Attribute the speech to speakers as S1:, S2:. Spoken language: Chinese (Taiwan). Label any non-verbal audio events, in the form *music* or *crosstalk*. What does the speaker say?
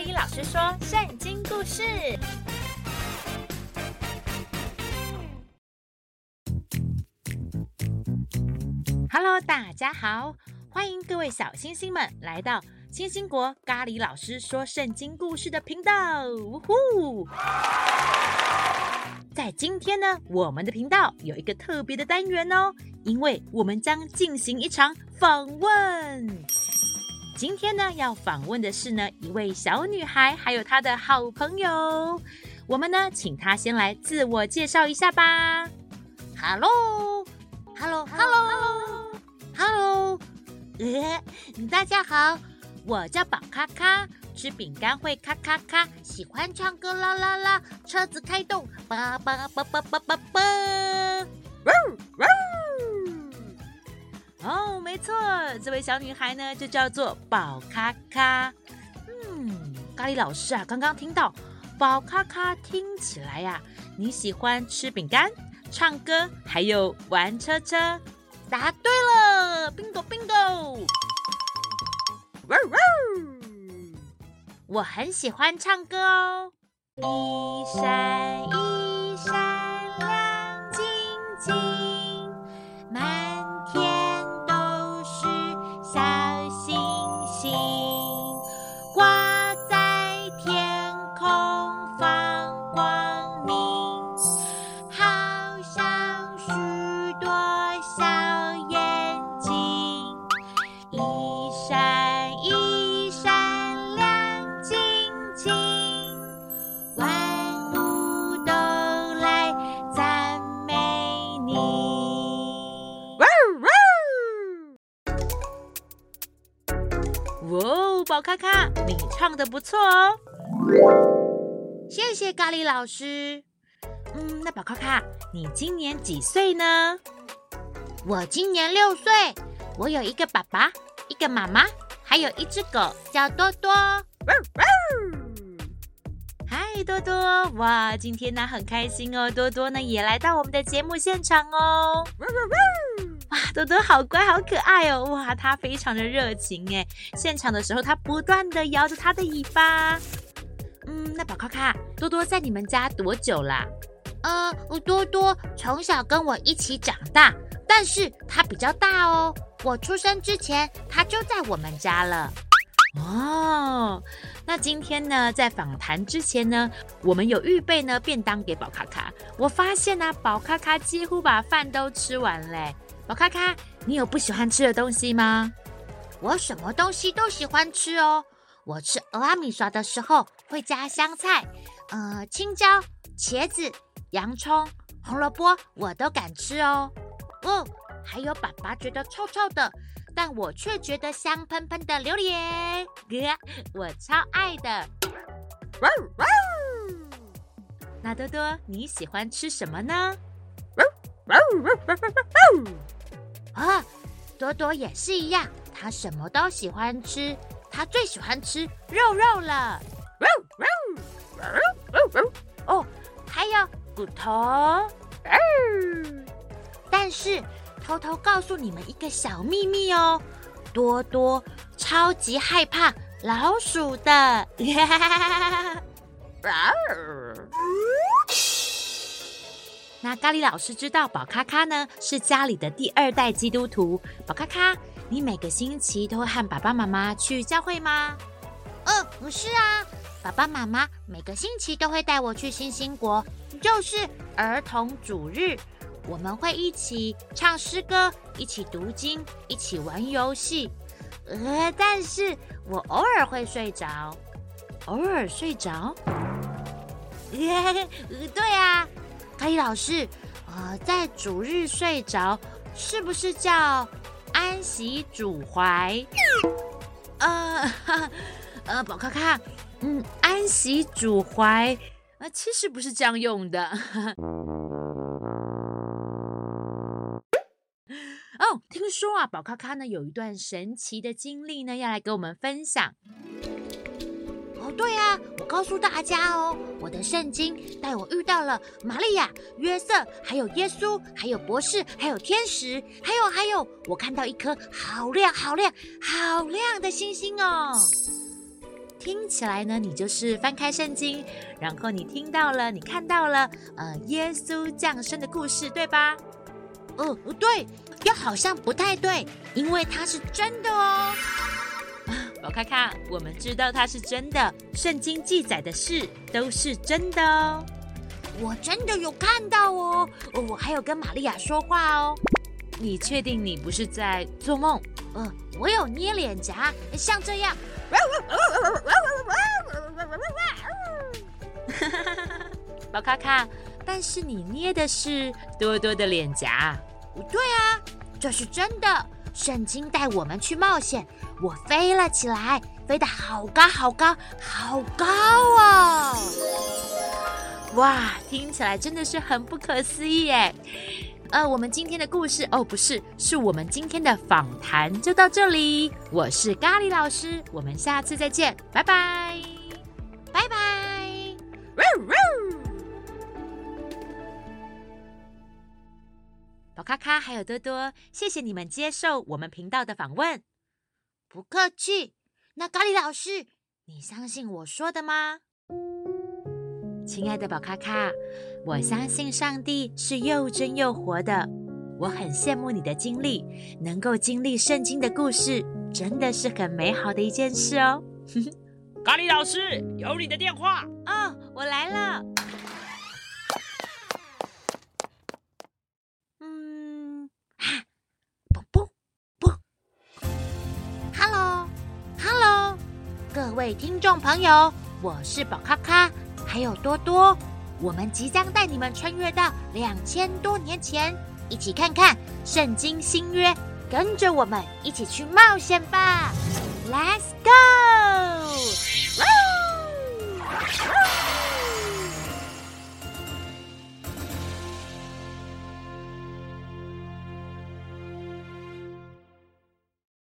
S1: 咖喱老師說聖經故事。Hello，大家好，歡迎各位小星星們來到星星國。咖喱老師說聖經故事的頻道。嗚呼！ *laughs* 在今天呢，我們的頻道有一個特別的單元哦，因為我們將進行一場訪問。今天呢，要訪問的是呢一位小女孩，還有她的好朋友。我們呢，請她先來自我介紹一下吧。Hello，Hello，Hello，Hello，Hello，呃，大家好，我叫寶咖咖，吃餅乾會咔咔咔，喜歡唱歌啦啦啦，車子開動叭叭叭叭叭叭叭。錯，這位小女孩呢，就叫做寶咖咖。嗯，咖哩老師啊，剛剛聽到寶咖咖聽起來呀、啊，你喜歡吃餅乾、唱歌，還有玩車車。答對了，Bingo Bingo！我很喜歡唱歌哦，一三。萬物都來讚美你。哇哦！寶咖咖，你唱得不錯哦。謝謝咖哩老師。嗯，那寶咖咖，你今年幾歲呢？我今年六歲。我有一個爸爸，一個媽媽，還有一隻狗叫多多。多多哇！今天呢很開心哦。多多呢也來到我們的節目現場哦。哇，多多好乖好可愛哦。哇，他非常的熱情哎。現場的時候，他不斷的搖着他的尾巴。嗯，那寶咖咖，多多在你們家多久啦？呃，多多從小跟我一起長大，但是他比較大哦。我出生之前，他就在我們家了。哦，那今天呢，在訪談之前呢，我們有預備呢便當給寶卡卡。我發現呢、啊，寶卡卡幾乎把飯都吃完嘞。寶卡卡，你有不喜歡吃的東西嗎？我什麼東西都喜歡吃哦。我吃蚵仔麵線的時候會加香菜，呃，青椒、茄子、洋蔥、紅蘿蔔我都敢吃哦。哦、嗯，還有爸爸覺得臭臭的但我卻覺得香噴噴的榴蓮，我超愛的。那多多你喜歡吃什麼呢？啊，多多也是一樣，他什麼都喜歡吃，他最喜歡吃肉肉了。哦，還有骨頭。但是。偷偷告訴你們一個小祕密哦，多多超級害怕老鼠的。 *laughs* *laughs* 那咖哩老師知道寶咖咖呢是家裡的第二代基督徒，寶咖咖，你每個星期都會和爸爸媽媽去教會嗎？嗯、呃，不是啊，爸爸媽媽每個星期都會帶我去星星國，就是兒童主日。我們會一起唱詩歌，一起讀經，一起玩遊戲。呃，但是我偶爾會睡着，偶爾睡着。 *laughs* 呃、對啊，咖哩老師，呃，在主日睡着是不是叫安息主懷、 *noise* 呃？呃，呃，寶咖咖，嗯，安息主懷，呃，其實不是這樣用的。呵呵哦，聽說啊，寶咖咖呢有一段神奇的經歷呢，要來給我們分享。哦，對呀，啊，我告訴大家哦，我的聖經帶我遇到了瑪利亞、約瑟，還有耶穌，還有博士，還有天使，還有還有，我看到一顆好亮、好亮、好亮的星星哦。聽起來呢，你就是翻開聖經，然後你聽到了，你看到了，呃，耶穌降生的故事，對吧？哦，不、呃、對，又好像不太對，因為它是真的哦。啊，寶咖咖，我們知道它是真的，聖經記載的事都是真的哦。我真的有看到哦，哦，我還有跟瑪利亞說話哦。你確定你不是在做夢？呃，我有捏臉頰，像這樣。哈 *laughs* 寶咖咖，但是你捏的是多多的臉頰。不對啊，這是真的。聖經帶我們去冒險，我飛了起來，飛得好高好高好高哦！哇，聽起來真的是很不可思議耶！呃，我們今天的故事哦，不是，是我們今天的訪談就到這裡。我是咖喱老師，我們下次再見，拜拜。咖咖還有多多，謝謝你們接受我們頻道的訪問。不客氣。那咖哩老師，你相信我說的嗎？親愛的寶咖咖，我相信上帝是又真又活的。我很羨慕你的經歷，能夠經歷聖經的故事，真的是很美好的一件事哦。 *laughs* 咖哩老師，有你的電話。啊、哦，我來了。各位聽眾朋友，我是寶咖咖，還有多多，我們即將帶你們穿越到兩千多年前，一起看看《聖經新約》，跟着我們一起去冒險吧！Let's go。